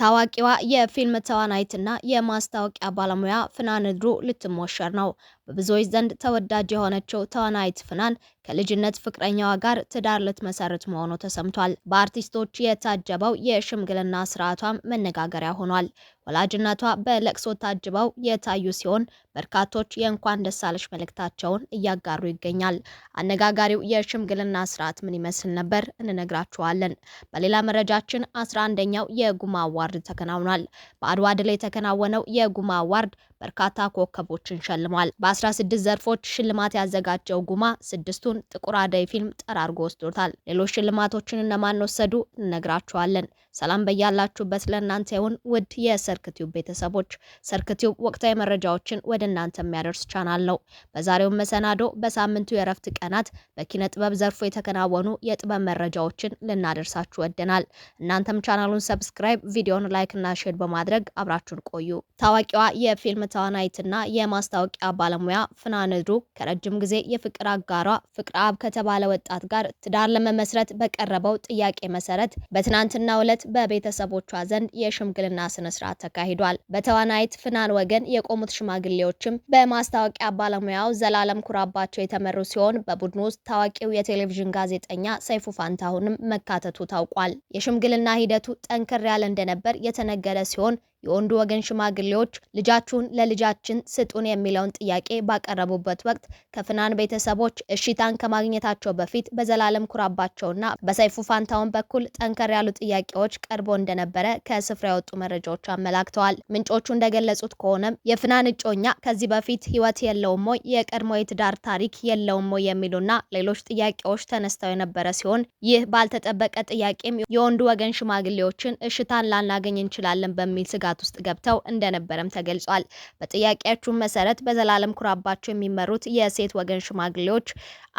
ታዋቂዋ የፊልም ተዋናይትና የማስታወቂያ ባለሙያ ፍናን እድሩ ልትሞሸር ነው። በብዙዎች ዘንድ ተወዳጅ የሆነችው ተዋናይት ፍናን ከልጅነት ፍቅረኛዋ ጋር ትዳር ልትመሰርት መሆኑ ተሰምቷል። በአርቲስቶች የታጀበው የሽምግልና ስርዓቷም መነጋገሪያ ሆኗል። ወላጅነቷ በለቅሶ ታጅበው የታዩ ሲሆን በርካቶች የእንኳን ደሳለሽ መልእክታቸውን እያጋሩ ይገኛል። አነጋጋሪው የሽምግልና ስርዓት ምን ይመስል ነበር እንነግራችኋለን። በሌላ መረጃችን አስራ አንደኛው የጉማ አዋርድ ተከናውኗል። በአድዋ ድል የተከናወነው የጉማ አዋርድ በርካታ ኮከቦችን ሸልሟል። 16 ዘርፎች ሽልማት ያዘጋጀው ጉማ ስድስቱን ጥቁር አደይ ፊልም ጠራርጎ ወስዶታል። ሌሎች ሽልማቶችን እነማን ወሰዱ እንነግራችኋለን። ሰላም በያላችሁበት ለእናንተ ይሁን ውድ የሰርክቲዩብ ቤተሰቦች። ሰርክቲዩብ ወቅታዊ መረጃዎችን ወደ እናንተ የሚያደርስ ቻናል ነው። በዛሬው መሰናዶ በሳምንቱ የእረፍት ቀናት በኪነ ጥበብ ዘርፎ የተከናወኑ የጥበብ መረጃዎችን ልናደርሳችሁ ወደናል። እናንተም ቻናሉን ሰብስክራይብ፣ ቪዲዮን ላይክ እና ሼር በማድረግ አብራችሁን ቆዩ። ታዋቂዋ የፊልም ተዋናይትና የማስታወቂያ ባለሙያ ፍናንዱ ከረጅም ጊዜ የፍቅር አጋሯ ፍቅረ አብ ከተባለ ወጣት ጋር ትዳር ለመመስረት በቀረበው ጥያቄ መሰረት በትናንትና ዕለት በቤተሰቦቿ ዘንድ የሽምግልና ስርዓት ተካሂዷል። በተዋናይት ፍናን ወገን የቆሙት ሽማግሌዎችም በማስታወቂያ ባለሙያው ዘላለም ኩራባቸው የተመሩ ሲሆን በቡድኑ ውስጥ ታዋቂው የቴሌቪዥን ጋዜጠኛ ሰይፉ ፋንታሁንም መካተቱ ታውቋል። የሽምግልና ሂደቱ ጠንከር ያለ እንደነበር የተነገረ ሲሆን የወንዱ ወገን ሽማግሌዎች ልጃችሁን ለልጃችን ስጡን የሚለውን ጥያቄ ባቀረቡበት ወቅት ከፍናን ቤተሰቦች እሽታን ከማግኘታቸው በፊት በዘላለም ኩራባቸውና በሰይፉ ፋንታውን በኩል ጠንከር ያሉ ጥያቄዎች ቀርቦ እንደነበረ ከስፍራ የወጡ መረጃዎች አመላክተዋል። ምንጮቹ እንደገለጹት ከሆነም የፍናን እጮኛ ከዚህ በፊት ህይወት የለውም ወይ፣ የቀድሞ የትዳር ታሪክ የለውም ወይ የሚሉና ሌሎች ጥያቄዎች ተነስተው የነበረ ሲሆን ይህ ባልተጠበቀ ጥያቄም የወንዱ ወገን ሽማግሌዎችን እሽታን ላናገኝ እንችላለን በሚል ስጋ ጥቃት ውስጥ ገብተው እንደነበረም ተገልጿል። በጥያቄያችሁ መሰረት በዘላለም ኩራባቸው የሚመሩት የሴት ወገን ሽማግሌዎች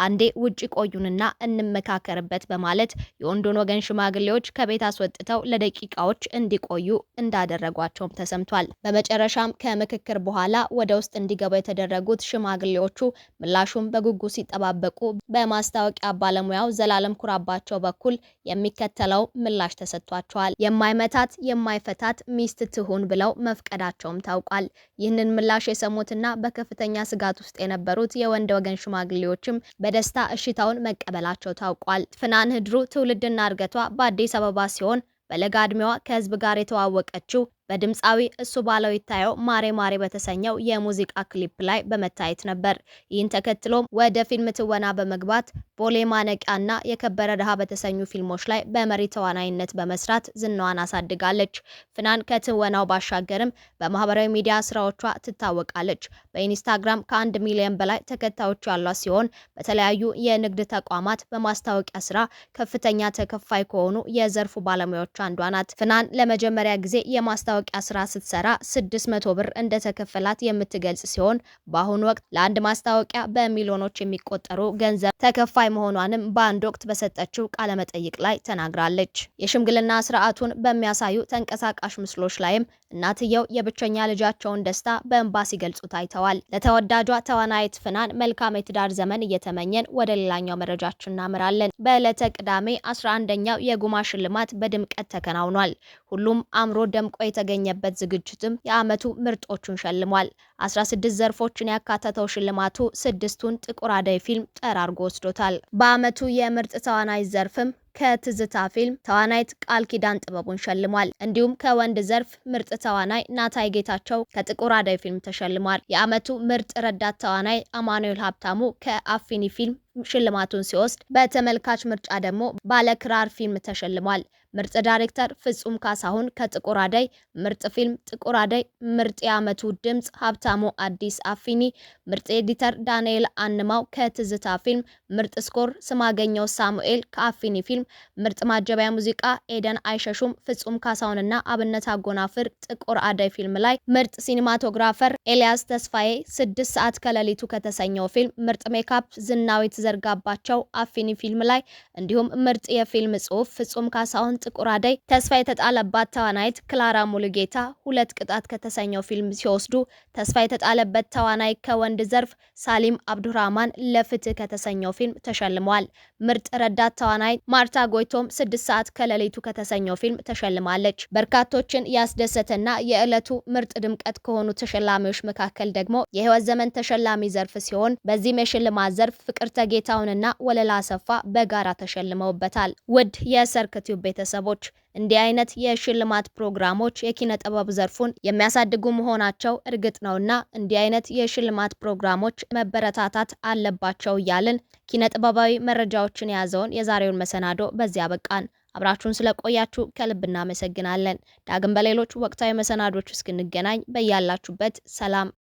አንዴ ውጭ ቆዩንና እንመካከርበት በማለት የወንዱን ወገን ሽማግሌዎች ከቤት አስወጥተው ለደቂቃዎች እንዲቆዩ እንዳደረጓቸውም ተሰምቷል። በመጨረሻም ከምክክር በኋላ ወደ ውስጥ እንዲገቡ የተደረጉት ሽማግሌዎቹ ምላሹን በጉጉ ሲጠባበቁ በማስታወቂያ ባለሙያው ዘላለም ኩራባቸው በኩል የሚከተለው ምላሽ ተሰጥቷቸዋል። የማይመታት የማይፈታት ሚስት ይሁን ብለው መፍቀዳቸውም ታውቋል። ይህንን ምላሽ የሰሙትና በከፍተኛ ስጋት ውስጥ የነበሩት የወንድ ወገን ሽማግሌዎችም በደስታ እሽታውን መቀበላቸው ታውቋል። ፍናን ህድሩ ትውልድና እድገቷ በአዲስ አበባ ሲሆን በለጋ ከህዝብ ጋር የተዋወቀችው በድምፃዊ እሱ ባለው ይታየው ማሬ ማሬ በተሰኘው የሙዚቃ ክሊፕ ላይ በመታየት ነበር። ይህን ተከትሎም ወደ ፊልም ትወና በመግባት ቦሌ ማነቂያና የከበረ ድሃ በተሰኙ ፊልሞች ላይ በመሪ ተዋናይነት በመስራት ዝናዋን አሳድጋለች። ፍናን ከትወናው ባሻገርም በማህበራዊ ሚዲያ ስራዎቿ ትታወቃለች። በኢንስታግራም ከአንድ ሚሊዮን በላይ ተከታዮች ያሏት ሲሆን በተለያዩ የንግድ ተቋማት በማስታወቂያ ስራ ከፍተኛ ተከፋይ ከሆኑ የዘርፉ ባለሙያዎች አንዷ ናት። ፍናን ለመጀመሪያ ጊዜ የማስታ የማስታወቂያ ስራ ስትሰራ 600 ብር እንደተከፈላት የምትገልጽ ሲሆን በአሁኑ ወቅት ለአንድ ማስታወቂያ በሚሊዮኖች የሚቆጠሩ ገንዘብ ተከፋይ መሆኗንም በአንድ ወቅት በሰጠችው ቃለመጠይቅ ላይ ተናግራለች። የሽምግልና ስርዓቱን በሚያሳዩ ተንቀሳቃሽ ምስሎች ላይም እናትየው የብቸኛ ልጃቸውን ደስታ በእንባ ሲገልጹ ታይተዋል። ለተወዳጇ ተዋናይት ፍናን መልካም የትዳር ዘመን እየተመኘን ወደ ሌላኛው መረጃችን እናምራለን። በዕለተ ቅዳሜ 11ኛው የጉማ ሽልማት በድምቀት ተከናውኗል። ሁሉም አምሮ ደምቆ በተገኘበት ዝግጅትም የዓመቱ ምርጦቹን ሸልሟል። 16 ዘርፎችን ያካተተው ሽልማቱ ስድስቱን ጥቁር አደይ ፊልም ጠራርጎ ወስዶታል። በዓመቱ የምርጥ ተዋናይ ዘርፍም ከትዝታ ፊልም ተዋናይት ቃል ኪዳን ጥበቡን ሸልሟል። እንዲሁም ከወንድ ዘርፍ ምርጥ ተዋናይ ናታይ ጌታቸው ከጥቁር አደይ ፊልም ተሸልሟል። የአመቱ ምርጥ ረዳት ተዋናይ አማኑኤል ሀብታሙ ከአፊኒ ፊልም ሽልማቱን ሲወስድ፣ በተመልካች ምርጫ ደግሞ ባለክራር ፊልም ተሸልሟል። ምርጥ ዳይሬክተር ፍጹም ካሳሁን ከጥቁር አደይ፣ ምርጥ ፊልም ጥቁር አደይ፣ ምርጥ የዓመቱ ድምፅ ሀብታሙ አዲስ አፊኒ፣ ምርጥ ኤዲተር ዳንኤል አንማው ከትዝታ ፊልም፣ ምርጥ ስኮር ስማገኘው ሳሙኤል ከአፊኒ ፊልም፣ ምርጥ ማጀቢያ ሙዚቃ ኤደን አይሸሹም ፍጹም ካሳሁንና አብነት አጎናፍር ጥቁር አደይ ፊልም ላይ፣ ምርጥ ሲኒማቶግራፈር ኤልያስ ተስፋዬ ስድስት ሰዓት ከሌሊቱ ከተሰኘው ፊልም፣ ምርጥ ሜካፕ ዝናዊ የተዘርጋባቸው አፊኒ ፊልም ላይ እንዲሁም ምርጥ የፊልም ጽሁፍ ፍጹም ካሳሁን ጥቁር አደይ፣ ተስፋ የተጣለባት ተዋናይት ክላራ ሙሉጌታ ሁለት ቅጣት ከተሰኘው ፊልም ሲወስዱ ተስፋ የተጣለበት ተዋናይ ከወንድ ዘርፍ ሳሊም አብዱራማን ለፍትህ ከተሰኘው ፊልም ተሸልመዋል። ምርጥ ረዳት ተዋናይ ማርታ ጎይቶም ስድስት ሰዓት ከሌሊቱ ከተሰኘው ፊልም ተሸልማለች። በርካቶችን ያስደሰተና የዕለቱ ምርጥ ድምቀት ከሆኑ ተሸላሚዎች መካከል ደግሞ የህይወት ዘመን ተሸላሚ ዘርፍ ሲሆን በዚህም የሽልማት ዘርፍ ፍቅርተ ጌታውንና ወለላ አሰፋ በጋራ ተሸልመውበታል። ውድ የሰርክቲው ቤተሰብ ግለሰቦች እንዲህ አይነት የሽልማት ፕሮግራሞች የኪነ ጥበብ ዘርፉን የሚያሳድጉ መሆናቸው እርግጥ ነውና እንዲህ አይነት የሽልማት ፕሮግራሞች መበረታታት አለባቸው እያልን ኪነ ጥበባዊ መረጃዎችን የያዘውን የዛሬውን መሰናዶ በዚያ ያበቃን አብራችሁን ስለቆያችሁ ከልብ እናመሰግናለን። ዳግም በሌሎች ወቅታዊ መሰናዶች እስክንገናኝ በያላችሁበት ሰላም